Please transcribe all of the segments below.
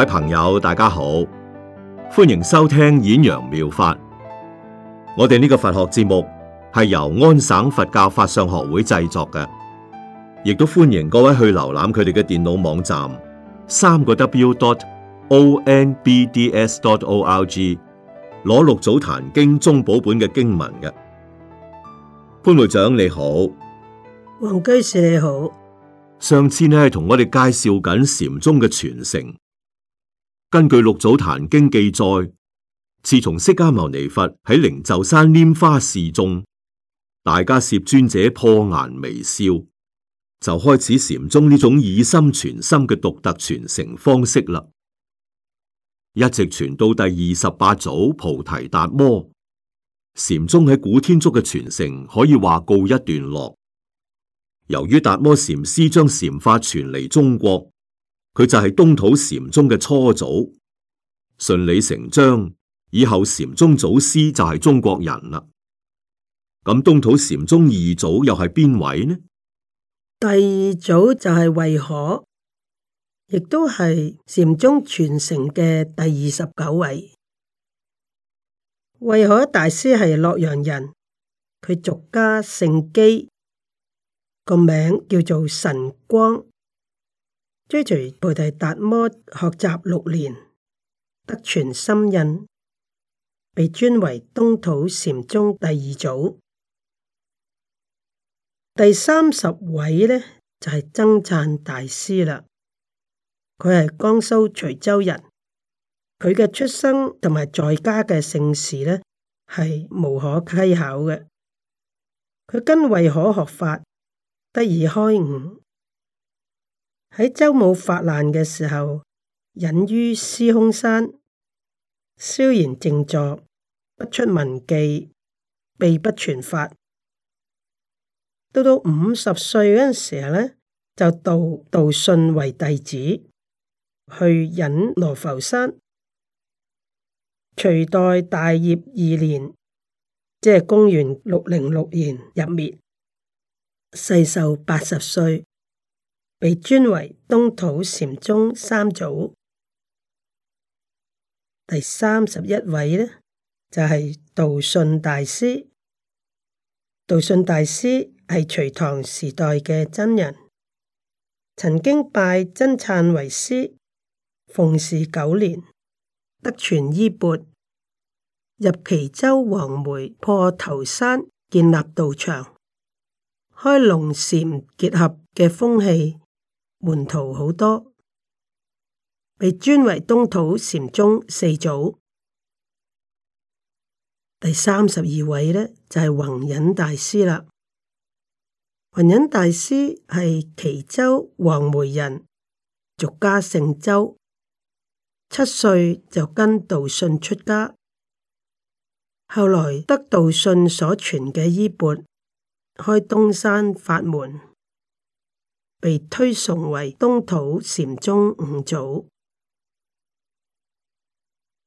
各位朋友，大家好，歡迎收聽演揚妙、妙法。我哋呢個佛學節目係由安省佛教法相學會製作嘅，亦都歡迎各位去瀏覽佢哋嘅電腦網站三個 w dot o n b d s dot o r g 攞六祖壇經宗寶本嘅經文嘅。潘會長你好，黃居士你好。上次呢係同我哋介紹緊禪宗嘅傳承。根據六祖壇經記載，自從釋迦牟尼佛喺靈鷲山拈花示眾，大迦葉尊者破顏微笑，就開始禪宗呢種以心傳心嘅獨特傳承方式啦。一直傳到第二十八祖菩提達摩，禪宗喺古天竺嘅傳承可以話告一段落。由於達摩禪師將禪法傳嚟中國。佢就係東土禪宗嘅初祖，順理成章，以後禪宗祖師就係中國人啦。咁東土禪宗二祖又係邊位呢？第二祖就係慧可，亦都係禪宗傳承嘅第二十九位。慧可大師係洛陽人，佢俗家姓姬，個名叫做神光。追隨菩提達摩學習六年，得傳心印，被尊為東土禪宗第二祖。第三十位呢，就係僧璨大師啦，佢係江蘇徐州人，佢嘅出生同埋在家嘅姓氏呢，係無可稽考嘅，佢跟慧可學法，得以開悟。喺周武發難嘅時候，隱於司空山，蕭然靜坐，不出文記，秘不傳法。到到五十歲嗰陣時候咧，就到道信為弟子，去隱羅浮山。隋代大業二年，即係公元六零六年入滅，世壽八十歲。被尊為東土禪宗三祖，第三十一位呢，就係道信大師。道信大師係隋唐時代嘅真人，曾經拜真燦為師，奉侍九年得傳衣鉢，入齊州黃梅破頭山建立道場，開龍禪結合嘅風氣。門徒好多，被尊為東土禪宗四祖。第三十二位呢，就係弘忍大師啦。弘忍大師係蘄州黃梅人，俗家姓周，七歲就跟道信出家，後來得道信所傳嘅衣鉢，開東山法門。被推崇為東土禪宗五祖。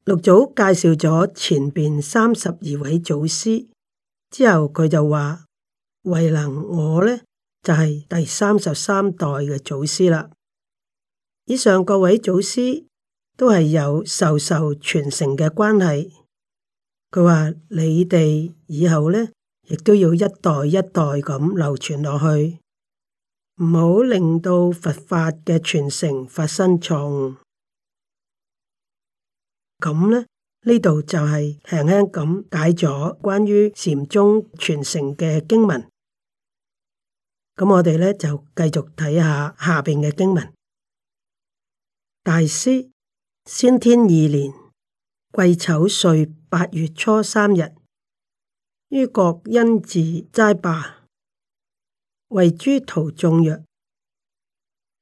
六祖介紹咗前邊三十二位祖師之後，佢就話慧能我呢，就係、是、第三十三代嘅祖師啦。以上各位祖師都係有授受，受傳承嘅關係。佢話你哋以後呢，亦都要一代一代咁流傳落去。唔好令到佛法嘅傳承發生錯誤。咁呢，呢度就係輕輕咁解咗關於禪宗傳承嘅經文。咁我哋呢就繼續睇下下邊嘅經文。大師先天二年癸丑歲八月初三日，於國恩寺齋罷，為諸徒眾曰：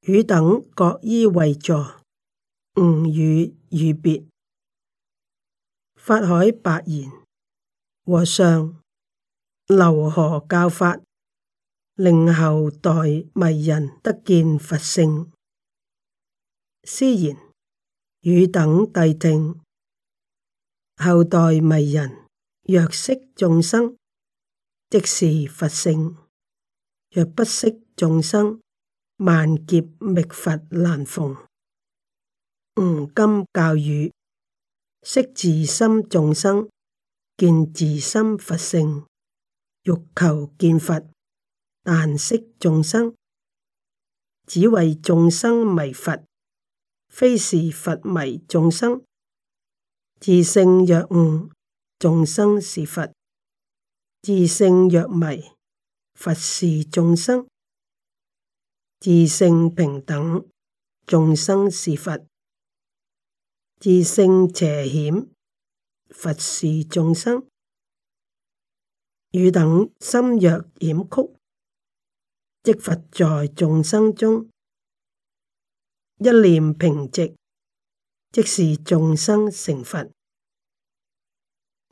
汝等各依為助，吾與汝別。法海白言：和尚，留何教法，令後代迷人得見佛性？師言：汝等諦聽，後代迷人若識眾生，即是佛性。若不識眾生，萬劫覓佛難逢，吾今教汝識自心眾生，見自心佛性。欲求見佛，但識眾生，只為眾生迷佛，非是佛迷眾生。自性若悟，眾生是佛；自性若迷，佛是眾生。自性平等，眾生是佛，自性邪險。佛是眾生，汝等心若險曲，即佛在眾生中，一念平直，即是眾生成佛。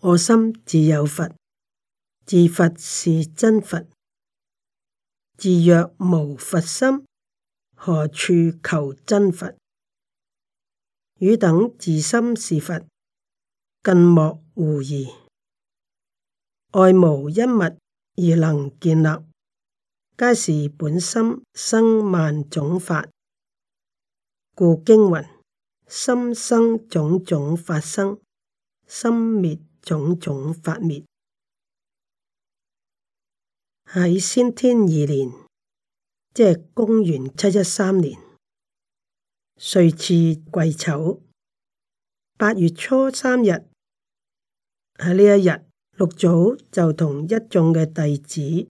我心自有佛，自佛是真佛。自若無佛心，何處求真佛？汝等自心是佛，更莫狐疑。外無一物而能建立，皆是本心生萬種法。故經云：心生種種法生，心滅種種法滅。喺先天二年，即係公元七一三年，歲次癸丑，八月初三日，喺呢一日，六祖就同一衆嘅弟子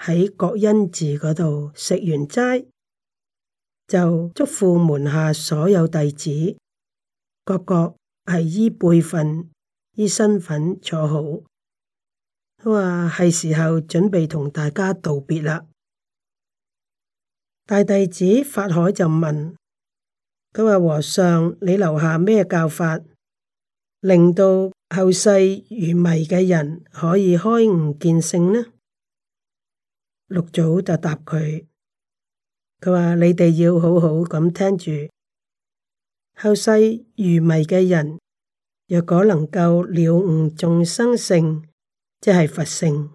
喺國恩寺嗰度食完齋，就囑咐門下所有弟子，各個係依輩份、依身份坐好。佢話係時候準備同大家道別啦。大弟子法海就問：佢話和尚，你留下咩教法，令到後世愚迷嘅人可以開悟見性呢？六祖就答佢：佢話你哋要好好咁聽住，後世愚迷嘅人，若果能夠了悟眾生性。即係佛性，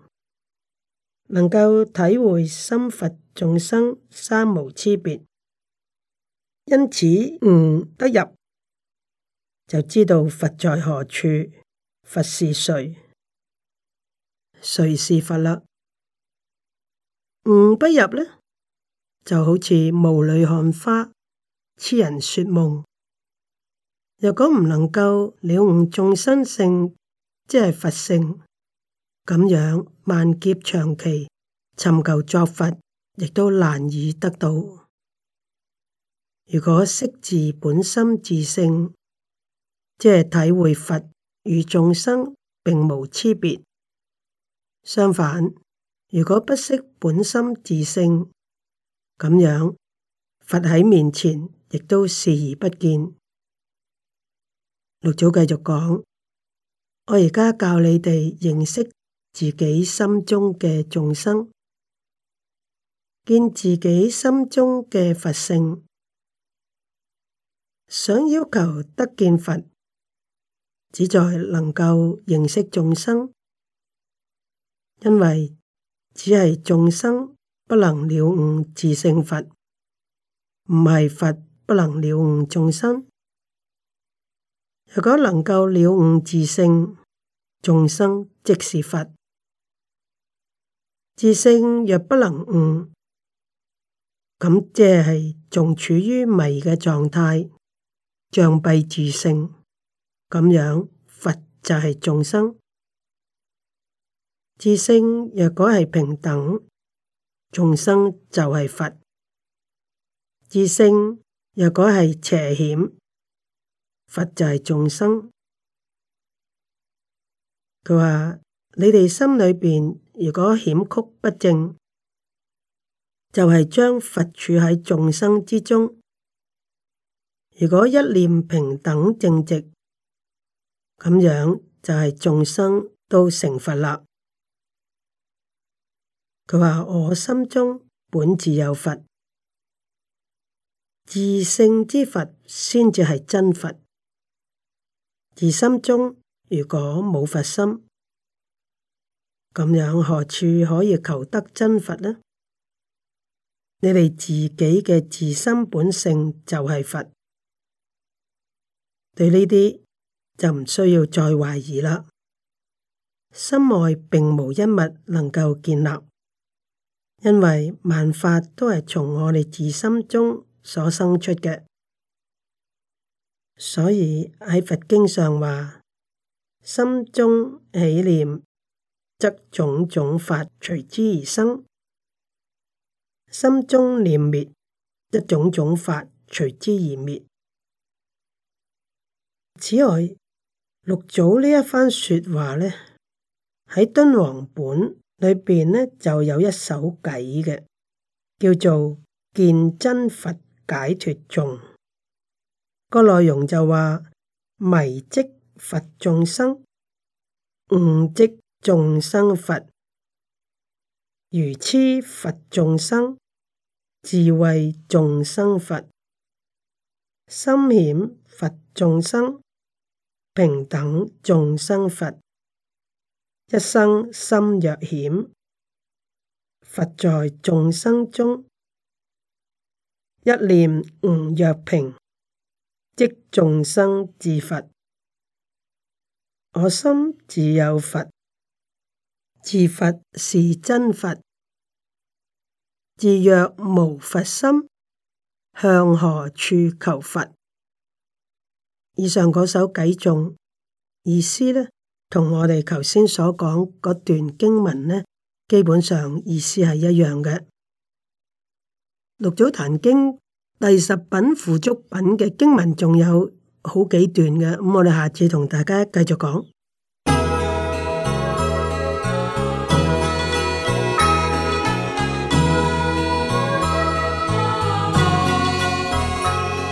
能夠體會心佛眾生三無差別，因此悟、嗯、得入，就知道佛在何處，佛是誰，誰是佛啦。悟、嗯、不入呢，就好似霧裏看花，痴人說夢。若果唔能夠了悟眾生性，即係佛性。咁樣萬劫長期尋求作佛，亦都難以得到。如果識自本心自性，即係體會佛與眾生並無差別。相反，如果不識本心自性，咁樣佛喺面前亦都視而不見。六祖繼續講：我而家教你哋認識自己心中嘅眾生，見自己心中嘅佛性，想要求得見佛，只在能夠認識眾生，因為只係眾生不能了悟自性佛，唔係佛不能了悟眾生。若果能夠了悟自性，眾生即是佛。智性若不能悟，咁即係仲處於迷嘅狀態，障蔽智性。咁樣佛就係眾生。智性若果係平等，眾生就係佛。智性若果係邪險，佛就係眾生。佢話你哋心裏邊。如果險曲不正，就係將佛處喺眾生之中。如果一念平等正直，咁樣就係眾生都成佛喇。佢話我心中本自有佛，自性之佛先至係真佛。而心中如果冇佛心。咁樣何處可以求得真佛呢？你哋自己嘅自心本性就係佛，對呢啲就唔需要再懷疑啦。心外並無一物能夠建立，因為萬法都係從我哋自心中所生出嘅，所以喺佛經上話，心中起念。則種種法隨之而生，心中念滅，一種種法隨之而滅。此外，六祖呢一番說話呢，喺敦煌本裏邊呢，就有一首偈嘅，叫做《見真佛解脱頌》。個內容就話迷即佛眾生，悟即。眾生佛如癡佛眾，眾生智慧眾生佛，心險佛眾生平等眾生佛，一生心若險，佛在眾生中，一念悟若平，即眾生自佛，我心自有佛。自佛是真佛，自若無佛心，向何處求佛？以上嗰首偈頌意思呢，同我哋頭先所講嗰段經文呢，基本上意思係一樣嘅。六祖壇經第十品付囑品嘅經文仲有好幾段嘅，咁、嗯、我哋下次同大家繼續講。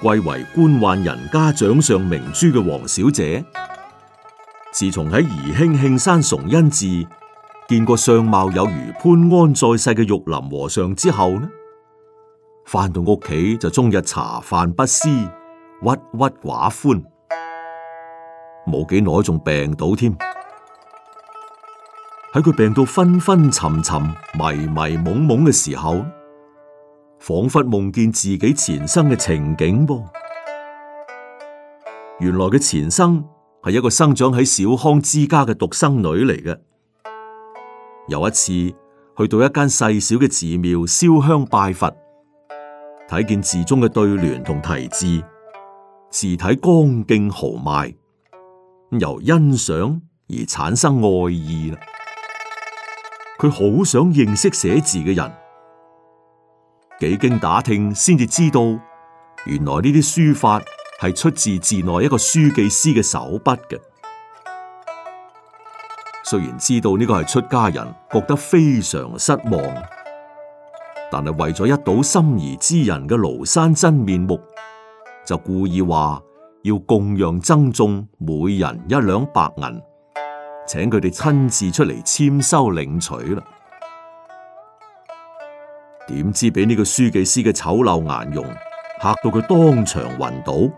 貴為官宦人家掌上明珠嘅黃小姐，自從喺宜興慶山崇恩寺見過相貌有如潘安在世嘅玉林和尚之後呢，翻到屋企就終日茶飯不思，鬱鬱寡歡。冇幾耐仲病倒添，喺佢病到昏昏沉沉，迷迷濛濛嘅時候。仿佛夢見自己前生嘅情景噃、哦，原來嘅前生係一個生長喺小康之家嘅獨生女嚟嘅。有一次去到一間細小嘅寺廟燒香拜佛，睇見寺中嘅對聯同題字，字體剛勁豪邁，由欣賞而產生愛意啦。佢好想認識寫字嘅人。幾經打聽，先至知道原來呢啲書法係出自寺內一個書記師嘅手筆嘅。雖然知道呢個係出家人，覺得非常失望，但係為咗一睹心儀之人嘅廬山真面目，就故意話要供養僧眾每人一兩白銀，請佢哋親自出嚟簽收領取啦。點知俾呢個書記師嘅醜陋顏容嚇到佢當場暈倒。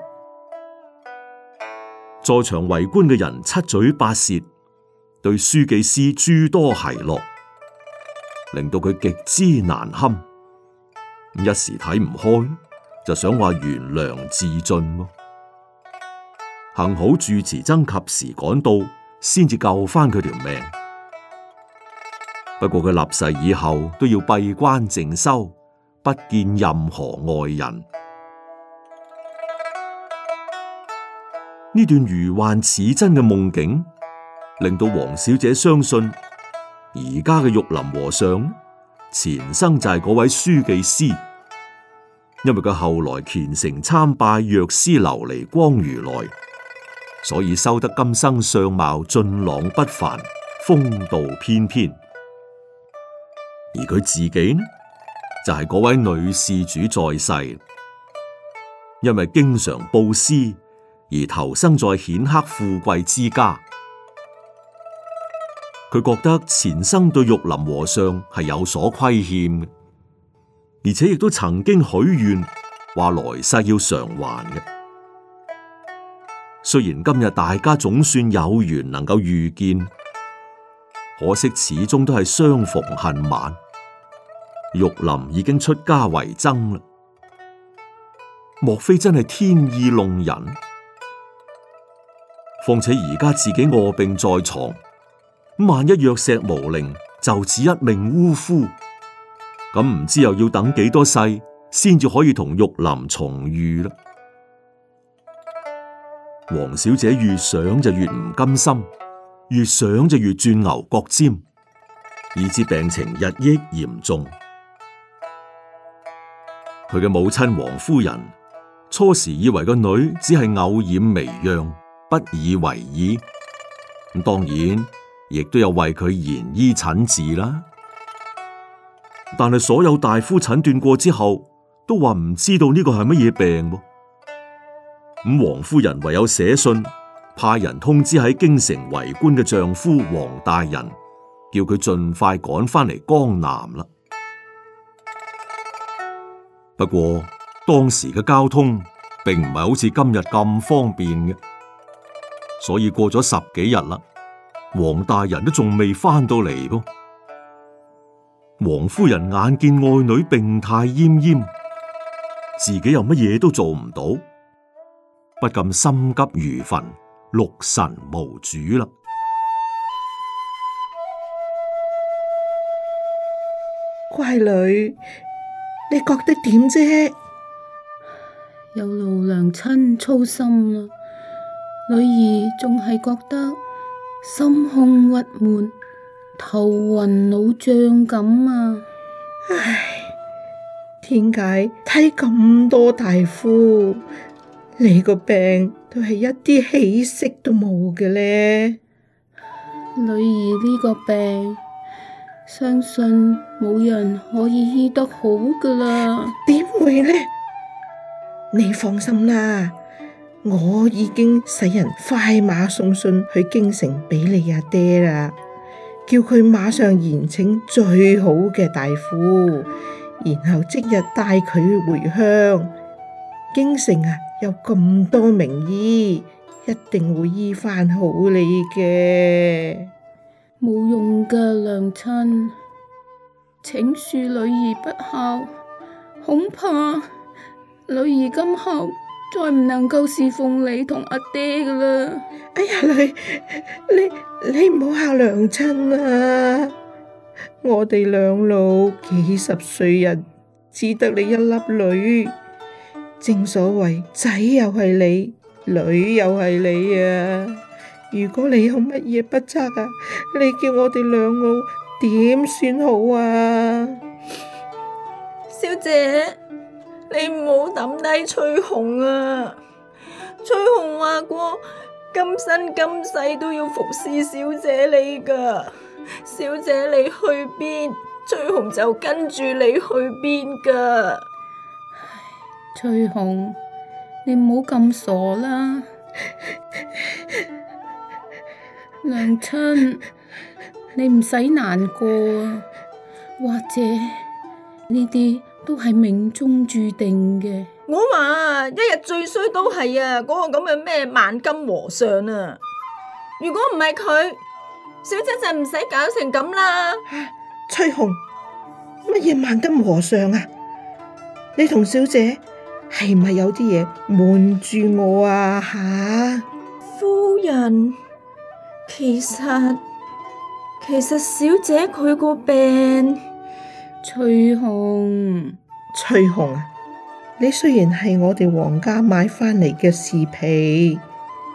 在場圍觀嘅人七嘴八舌，對書記師諸多奚落，令到佢極之難堪，一時睇唔開，就想話懸樑自盡。幸好住持僧及時趕到，先至救返佢條命。不過佢立誓以後都要閉關靜修，不見任何外人。呢 段如幻似真嘅夢境，令到黃小姐相信，而家嘅玉林和尚前生就係嗰位書記師，因為佢後來虔誠參拜藥師琉璃光如來，所以修得今生相貌俊朗不凡，風度翩翩。而佢自己呢，就係、是、嗰位女施主在世，因為經常布施而投生在顯赫富貴之家。佢覺得前生對玉林和尚係有所虧欠，而且亦都曾經許願話來世要償還嘅。雖然今日大家總算有緣能夠遇見。可惜始終都係相逢恨晚，玉林已經出家為僧啦。莫非真係天意弄人？況且而家自己臥病在床，萬一藥石無靈，就此一命嗚呼。咁唔知道又要等幾多世，先至可以同玉林重遇啦。黃小姐越想就越唔甘心。越想就越鑽牛角尖，以致病情日益嚴重。佢嘅母親王夫人初時以為個女只係偶然微恙，不以為意。咁當然亦都有為佢延醫診治啦。但係所有大夫診斷過之後，都話唔知道呢個係乜嘢病。咁王夫人唯有寫信。派人通知喺京城為官嘅丈夫黃大人，叫佢盡快趕返嚟江南啦。不過當時嘅交通並唔係好似今日咁方便嘅，所以過咗十幾日啦，黃大人都仲未翻到嚟噃。黃夫人眼見愛女病態懨懨，自己又乜嘢都做唔到，不禁心急如焚。六神無主啦！乖女，你覺得點啫？有勞娘親操心啦，女兒仲係覺得心胸鬱悶、頭暈腦脹咁啊！唉，點解睇咁多大夫？你個病都係一啲起色都冇嘅咧，女兒呢個病，相信冇人可以醫得好噶啦。點會呢？你放心啦，我已經使人快馬送信去京城俾你阿爹啦，叫佢馬上延請最好嘅大夫，然後即日帶佢回鄉。京城啊！有咁多名醫，一定會醫翻好你嘅。冇用噶，娘親，請恕女兒不孝，恐怕女兒今後再唔能夠侍奉你同阿爹噶啦。哎呀，女，你你唔好吓娘親啊啦，我哋兩老幾十歲人，只得你一粒女。正所謂仔又係你，女又係你啊！如果你有乜嘢不測啊，你叫我哋兩老點算好啊？小姐，你唔好抌低翠紅啊！翠紅話過，今生今世都要服侍小姐你噶，小姐你去邊，翠紅就跟住你去邊噶。翠紅，你唔好咁傻啦！娘親，你唔使難過啊，或者呢啲都係命中注定嘅。我話啊，一日最衰都係啊嗰個咁嘅咩萬金和尚啊！如果唔係佢，小姐就唔使搞成咁啦。翠紅，乜嘢萬金和尚啊？你同小姐。係咪有啲嘢瞞住我啊？吓、啊，夫人，其實其實小姐佢個病，翠紅，翠紅啊！你雖然係我哋皇家買翻嚟嘅侍婢，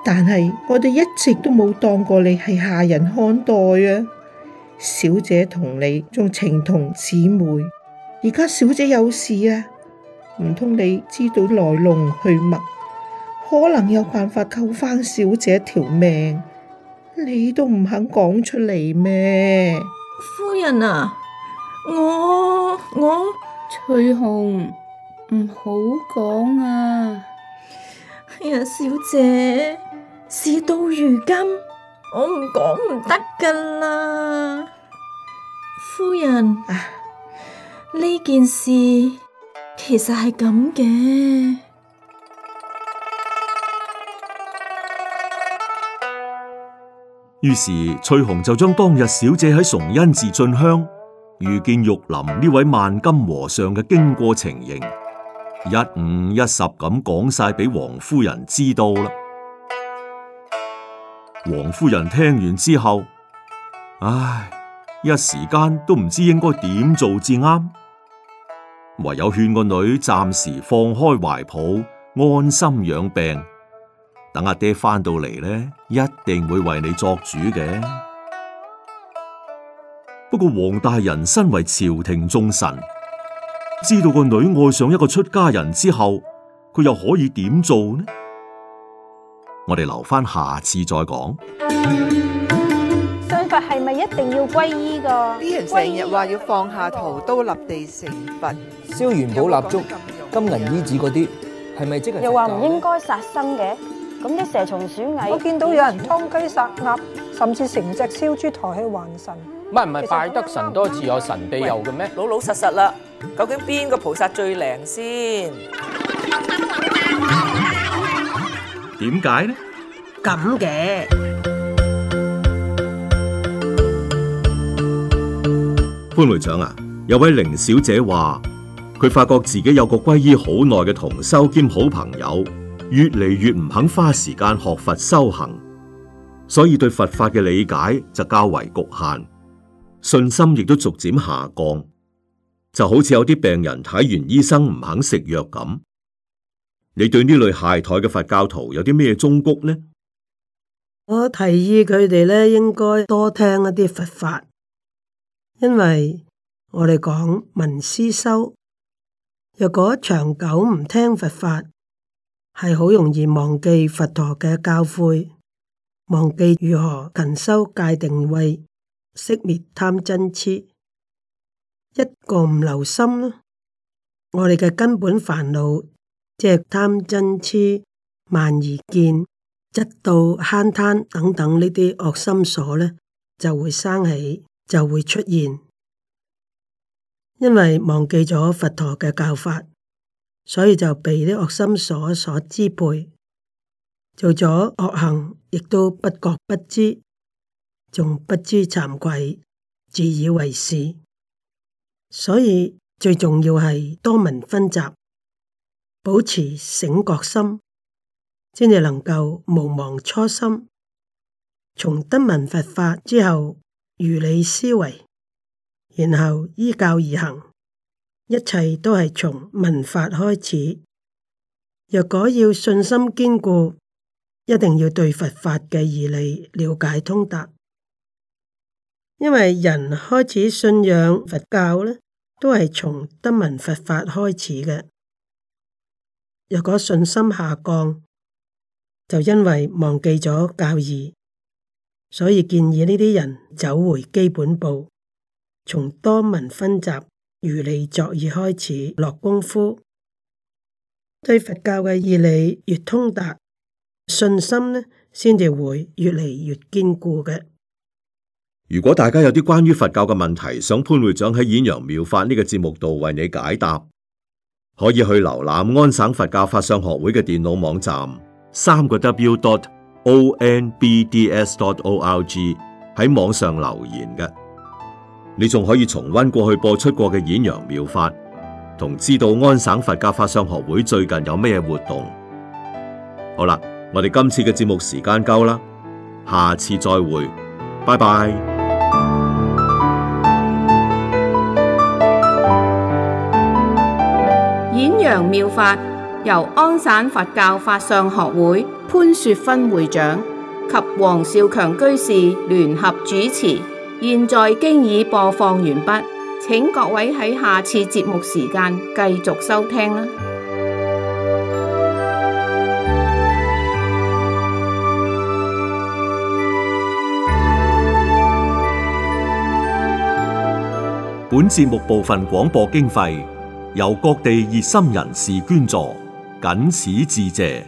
但係我哋一直都冇當過你係下人看待啊！小姐同你仲情同姊妹，而家小姐有事啊！唔通你知道來龍去脈，可能有辦法救翻小姐條命，你都唔肯講出嚟咩？夫人啊，我我翠紅唔好講啊！哎呀，小姐，事到如今，我唔講唔得噶啦，啊、夫人呢、啊、件事。其實係咁嘅。於是翠紅就將當日小姐喺崇恩寺進香，遇見玉林呢位萬金和尚嘅經過情形，一五一十咁講晒俾王夫人知道啦。王夫人聽完之後，唉，一時間都唔知應該點做至啱。唯有勸個女暫時放開懷抱，安心養病。等阿爹翻到嚟，呢，一定會為你作主嘅。不過黃大人身為朝廷重臣，知道個女愛上一個出家人之後，佢又可以點做呢？我哋留翻下，下次再講。係咪一定要皈依噶？啲人成日話要放下屠刀立地成佛，燒元寶蠟燭、金銀衣紙嗰啲，係咪即係？又話唔應該殺生嘅，咁啲蛇蟲鼠蟻，我見到有人湯雞殺鴨，甚至成隻燒豬抬去還神。唔係唔係，拜得神多自有神庇佑嘅咩？老老實實啦，究竟邊個菩薩最靈先？點解呢？咁嘅。潘會長啊，有位凌小姐話，佢發覺自己有個皈依好耐嘅同修兼好朋友，越嚟越唔肯花時間學佛修行，所以對佛法嘅理解就較為局限，信心亦都逐漸下降，就好似有啲病人睇完醫生唔肯食藥咁。你對呢類懈怠嘅佛教徒有啲咩忠告呢？我提議佢哋咧應該多聽一啲佛法。因為我哋講聞思修，若果長久唔聽佛法，係好容易忘記佛陀嘅教誨，忘記如何勤修戒定慧，熄滅貪嗔痴。一個唔留心，我哋嘅根本煩惱，即係貪嗔痴、慢疑見、嫉妒慳貪等等呢啲惡心所咧，就會生起。就會出現，因為忘記咗佛陀嘅教法，所以就被啲惡心所所支配，做咗惡行，亦都不覺不知，仲不知慚愧，自以為是。所以最重要係多聞熏習，保持醒覺心，先至能夠無忘初心。從得聞佛法之後。如理思維，然後依教而行，一切都係從聞法開始。若果要信心堅固，一定要對佛法嘅義理了解通達。因為人開始信仰佛教咧，都係從得聞佛法開始嘅。若果信心下降，就因為忘記咗教義。所以建議呢啲人走回基本步，從多聞分集、如理作意開始落功夫。對佛教嘅義理越通達，信心呢先至會越嚟越堅固嘅。如果大家有啲關於佛教嘅問題，想潘會長喺《演揚妙法》呢、這個節目度為你解答，可以去瀏覽安省佛教法相學會嘅電腦網站，三個 W dot。O N B D S dot org 喺網上留言嘅，你仲可以重温過去播出過嘅演揚妙法，同知道安省佛教法相學會最近有咩活動。好啦，我哋今次嘅節目時間夠啦，下次再會，拜拜。演揚妙法由安省佛教法相學會。潘雪芬會長及黃少強居士聯合主持，現在經已播放完畢，請各位喺下次節目時間繼續收聽啦。本節目部分廣播經費由各地熱心人士捐助，僅此致謝。